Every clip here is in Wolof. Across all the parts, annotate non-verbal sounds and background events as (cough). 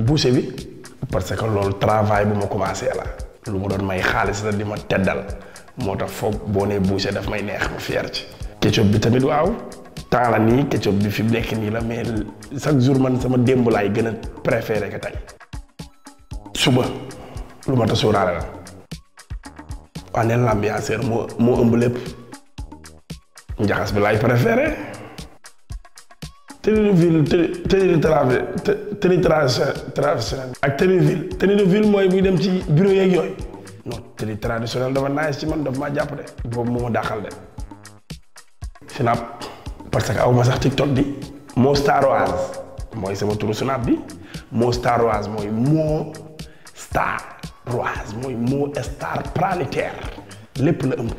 boucher bi parce que lool travail bu ma commencé la lu ma doon may xaalis la di ma teddal moo tax foog boo nee boucher daf may neex ma fier ci ketchup bi tamit waaw temps la nii ketchup bi fi mu nekk nii la mais chaque jour man sama démb laay gën a préféré que tey suba lu ma ta la waa neen l'ambianceur mo moo ëmb lépp njaxas bi laay préféré Thénéville Téné traversé Téné traversé mooy buy dem ci bureau yooy yooyu non Téné traditionnel dafa nice ci man dafa maa jàpp de boobu moo ma de. Snap parce que aw ma sax TikTok di moo Staroise mooy sama turu Snap bi moo Staroise mooy moo Staroise mooy moo star planétaire lépp la ëmb.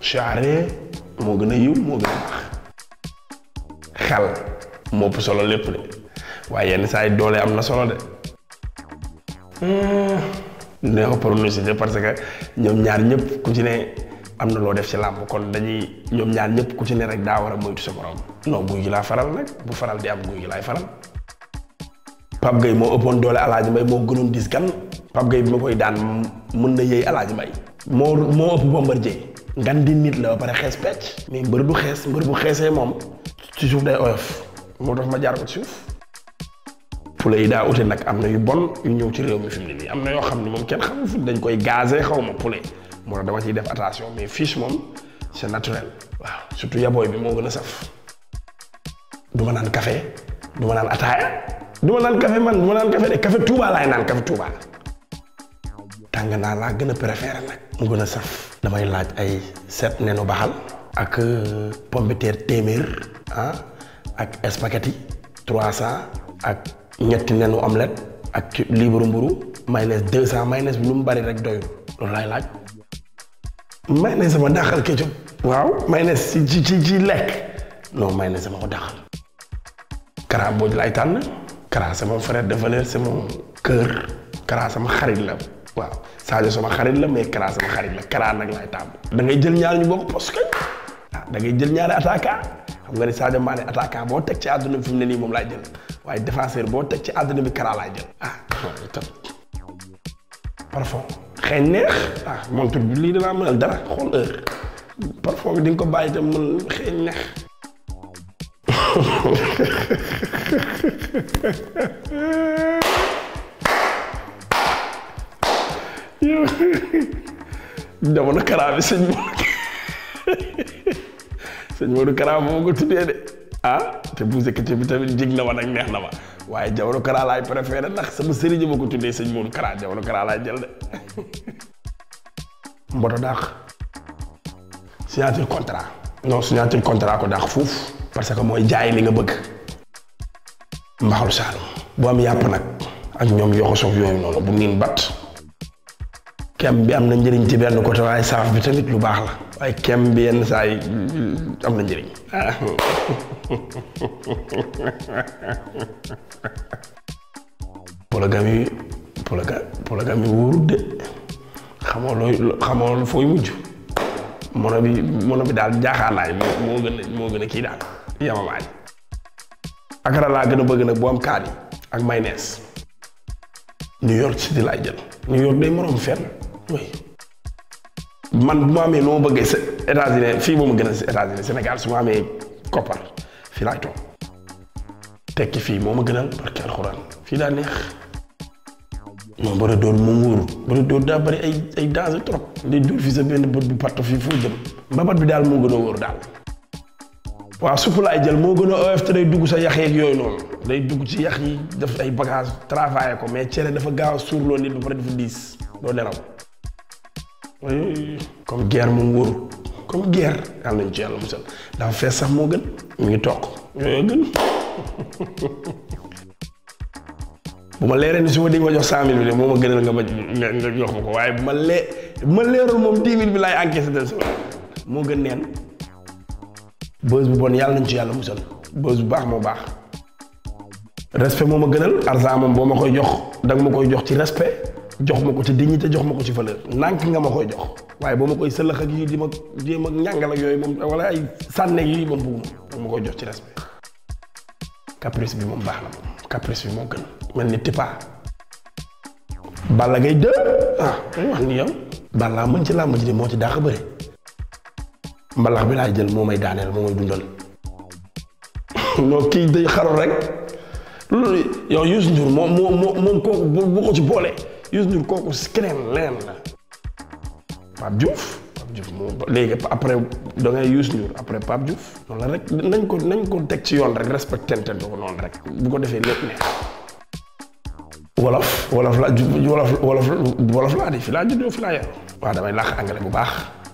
charret moo gën a yiw moo gën a baax. xel moo ëpp solo lépp de waaye yenn saa yi doole am na solo de hmm. nee ko pronostic parce que ñoom ñaar ñëpp ku ci ne am na loo def ci làmp kon dañuy ñoom ñaar ñëpp ku ci ne rek daa war a moytu sa borom non guy gi laa faral nag bu faral di am guy gi laay faral Pape Gueye moo ëppoon doole Alaaji Mbay moo gënoon dis gan Pape Gueye bi ma koy daan mën na yëy Alaaji Mbay moo moo ëpp Bombardier ngan di nit la ba pare xees pecc mais mbër bu xees mbër bu xeesee moom ci suuf day oyof moo tax ma jaar ko ci suuf pula yi daa ute nag am na yu bon yu ñëw ci réew mi fi mu ne nii am na yoo xam ne moom kenn xamul fu dañ koy gazé xaw ma pula moo tax dama ciy def attention mais fiche moom c'est naturel waaw surtout yabooy bi moo gën a saf duma naan café du ma naan ataaya du ma naan café man du ma naan café de café Touba naan café Touba tàng naa laa gën a préféré nag mu gën a saf damay laaj ay set neenu baxal ak euh, pomme de terre téeméer ah, ak spaghetti trois cent ak ñetti neenu omelette ak libre mburu mayonnaise deux cent mayonnaise bi lu mu bari rek doyul loolu laay laaj mayonnaise sama dàqal ketchup waaw mayonnaise ci ci ci ci lekk non mayonnaise sama ko dàqal kara booj laay tànn kara sama frère de valeur sama mon cœur kara sama xarit la waaw Sadio sama xarit la mais Kara sama xarit la Kara nag laay tàmm da ngay jël ñaar ñu bokk parce que ah da ngay jël ñaari attaquant xam nga ne Sadio Mané attaquant boo teg ci àdduna bi fi ne nii moom laay jël waaye défenseur boo teg ci àdduna bi Kara laay jël ah parfum xëy neex ah, lii danaa mënal dara xool heure bi di ko bàyyi te mën xëy neex (laughs) yow (laughs) jamono Kara bi (laughs) sëñ sëñ Modou Kara moo ko tuddee de ah te bu njëkk bi tamit jig na ma nag neex na ma waaye jamono Kara laay préféré ndax sama sëriñ ma ko tuddee sëñ Modou Kara jamono Kara laay jël de. (laughs) Mboto daax signature contrat. non signature contrat ko daax fuuf parce que mooy jaay li nga bëgg. mbaxalu Saalum. bu am yàpp nag ak ñoom yoo ko yooyu noonu bu niin bat. kem bi amna na njëriñ ci benn côté waaye saaf bi tamit lu baax la waaye kem bi yenn saa am na njëriñ pologami pologa polagami wuru de xamoo looy xamoo fooy mujj mono bi mono bi daal jaaxaanaay moo gën a moo gën a kii daal yamamaay akara laa gën a bëgg nag bu am kaani ak mayonnaise New York City lay jël New York day morom fenn man bu ma amee noo bëggee sa États-Unis fii moom gën a États-Unis Sénégal su ma amee koppar fii laay toog tekki fii moo ma gënal barki alxuraan fii daa neex non bëri doon mu nguuru bëri doon daa bëri ay ay danger trop li dul fi sa bi daal moo gën a wóor daal waaw supp laay jël moo gën a oyof te dugg sa yax yooyu noonu day dugg ci yax yi def ay bagage travailler ko mais cere dafa gaaw a suurloo nit ba pare dafa diis doo nelaw comme guerre moom wóoru comme guerre yàlla nañ ci yàlla musal dafa fees sax moo gën mu ngi toog yooyu gën (laughs) bu ma leeree ni su ma di ma jox cent mille bi de moo ma gënal nga ma nga jox ma waaye bu ma lee bu ma leeroon moom dix mille bi laay encaissé del moo gën neen bës bu bon yàlla nañ ci yàlla musal bës bu baax moo baax respect moo ma gënal argent moom boo ma koy jox danga ma koy jox ci respect jox ma ko ci dignité jox ma ko ci valeur nànk nga ma koy jox waaye ba ma koy sëllax ak yii di ma jéem ak ñàngal ak yooyu moom wala ay sànneeg yii moom bëgguma da ma koy jox ci respect caprice bi moom baax na moom caprice bi moo mel ni tipa Balla Gaye 2 ah wax ni yow Balla ci làmb moo ci daax a bi laay jël moo may daaneel moo may dundal non (laughs) kii day rek loolu yow Youssou Ndour moom ko ci boole Youssou Ndour kooku crème leen la Pape Diouf Pape Diouf moom léegi après da ngay Youssou Ndour après Pape Diouf noonu la rek nañ ko nañ ko teg ci yoon rek respectante ko noonu rek bu ko defee lépp ne wolof wolof la wolof wolof wolof laa di fi laa juddoo fi laa yaru waaw damay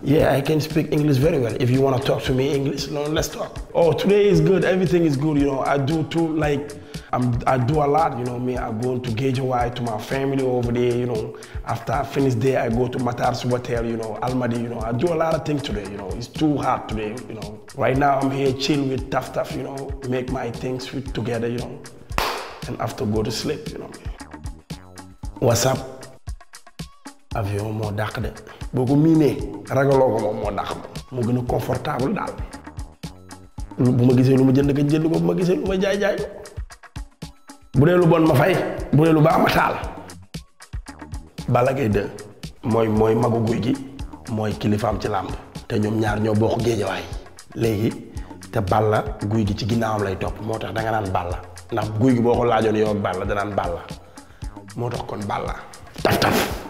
Yeah, I can speak English very well. If you want to talk to me English, no, let's talk. Oh, today is good. Everything is good. You know, I do too, like, I'm, i do a lot, you know me. I go to Gejawai, to my family over there, you know. After I finish there, I go to Matar's Hotel, you know, Almadi, you know. I do a lot of things today, you know. It's too hard today, you know. Right now, I'm here chill with tough stuff, you know, make my things fit together, you know. And after go to sleep, you know. What's up? Have you more dark? boo ko miinee ragaloo ko moom moo dàq moom moo a confortable daal bu ma gisee lu ma jënd ko jënd ko bu ma gisee lu ma jaay jaay ko bu bon ma fay bu dee lu baax ma taal Balla Gaye 2 mooy mooy magu guy gi mooy kilifaam ci làmb te ñoom ñaar ñoo ko géejawaay léegi te Balla guy gi ci ginnaawam lay topp moo tax danga naan Balla ndax guy gi boo ko laajoon yow ak Balla danaan Balla moo tax kon Balla taf taf